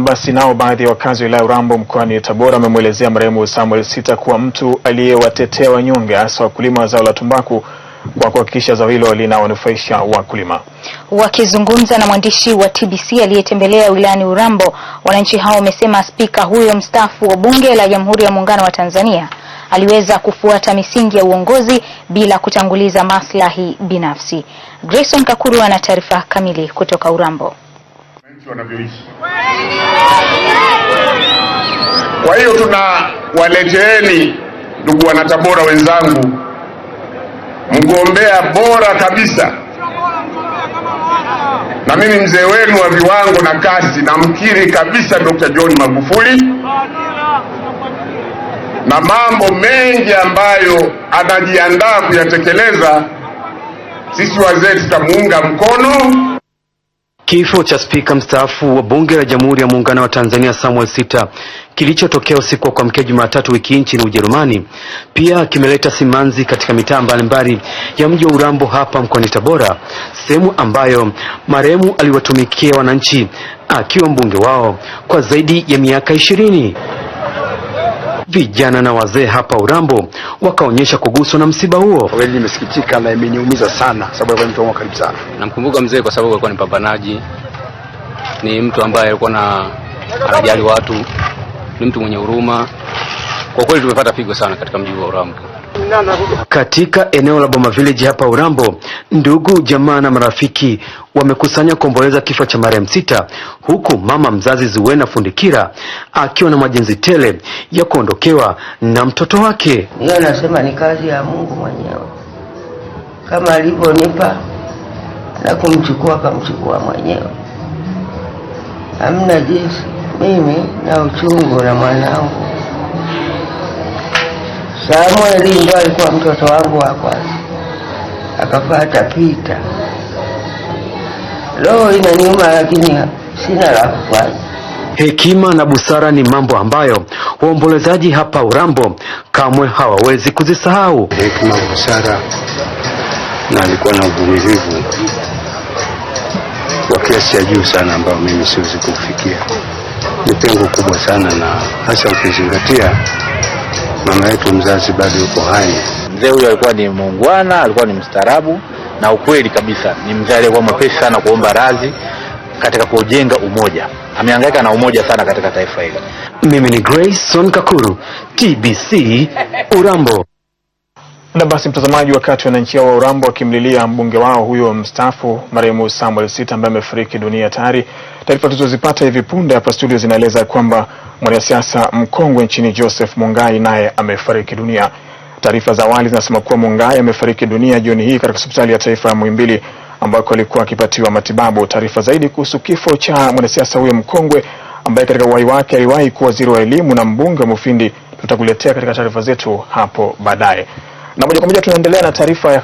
Basi nao baadhi ya wakazi wa wilaya Urambo mkoani Tabora wamemwelezea marehemu Samuel Sita kuwa mtu aliyewatetea wanyonge hasa wakulima wa zao la tumbaku kwa kuhakikisha zao hilo linawanufaisha wakulima. Wakizungumza na mwandishi wa TBC aliyetembelea wilayani Urambo, wananchi hao wamesema spika huyo mstaafu wa bunge la Jamhuri ya Muungano wa Tanzania aliweza kufuata misingi ya uongozi bila kutanguliza maslahi binafsi. Grayson Kakuru ana taarifa kamili kutoka Urambo. Kwa hiyo tuna waleteeni ndugu wanatabora wenzangu, mgombea bora kabisa, na mimi mzee wenu wa viwango na kasi, namkiri kabisa Dr. John Magufuli na mambo mengi ambayo anajiandaa kuyatekeleza, sisi wazee tutamuunga mkono. Kifo cha spika mstaafu wa bunge la Jamhuri ya Muungano wa Tanzania Samuel Sitta kilichotokea usiku wa kuamkia Jumatatu wiki hii nchini Ujerumani pia kimeleta simanzi katika mitaa mbalimbali ya mji wa Urambo hapa mkoani Tabora, sehemu ambayo marehemu aliwatumikia wananchi akiwa mbunge wao kwa zaidi ya miaka ishirini. Vijana na wazee hapa Urambo wakaonyesha kuguswa na msiba huo. kweli nimesikitika na imeniumiza sana, sababu alikuwa mtu wangu karibu sana. Namkumbuka mzee kwa sababu alikuwa ni mpambanaji, ni mtu ambaye alikuwa na anajali watu, ni mtu mwenye huruma. Kwa kweli tumepata pigo sana katika mji wa Urambo. Katika eneo la Boma Village hapa Urambo, ndugu jamaa na marafiki wamekusanya kuomboleza kifo cha marehemu Sita, huku mama mzazi zuena Fundikira akiwa na majenzi tele ya kuondokewa na mtoto wake. Hiyo nasema ni kazi ya Mungu mwenyewe, kama alivyonipa na kumchukua akamchukua mwenyewe, hamna jinsi. Mimi na uchungu na mwanangu Samueli ndo alikuwa mtoto wangu wa kwanza, akafata Pita. Roho inaniuma lakini sina la kufanya. Hekima na busara ni mambo ambayo waombolezaji hapa Urambo kamwe hawawezi kuzisahau. Hekima, busara na alikuwa na uvumilivu kwa kiasi cha juu sana, ambayo mimi siwezi kufikia. Ni pengo kubwa sana, na hasa ukizingatia mama yetu mzazi bado yuko hai. Mzee huyo alikuwa ni muungwana, alikuwa ni mstaarabu na ukweli kabisa, ni mzee aliyekuwa mwepesi sana kuomba radhi katika kujenga umoja. Amehangaika na umoja sana katika taifa hili. Mimi ni Grayson Kakuru, TBC Urambo. Na basi mtazamaji, wakati wananchi hao wa Urambo wakimlilia mbunge wao huyo mstaafu marehemu Samuel Sitta ambaye amefariki dunia tayari, taarifa tulizozipata hivi punde hapa studio zinaeleza kwamba mwanasiasa mkongwe nchini Joseph Mungai naye amefariki dunia. Taarifa za awali zinasema kuwa Mungai amefariki dunia jioni hii katika hospitali ya taifa ya Muhimbili ambako alikuwa akipatiwa matibabu. Taarifa zaidi kuhusu kifo cha mwanasiasa huyo mkongwe ambaye katika uhai wake aliwahi kuwa waziri wa elimu na mbunge wa Mufindi tutakuletea katika taarifa zetu hapo baadaye na moja kwa moja tunaendelea na taarifa ya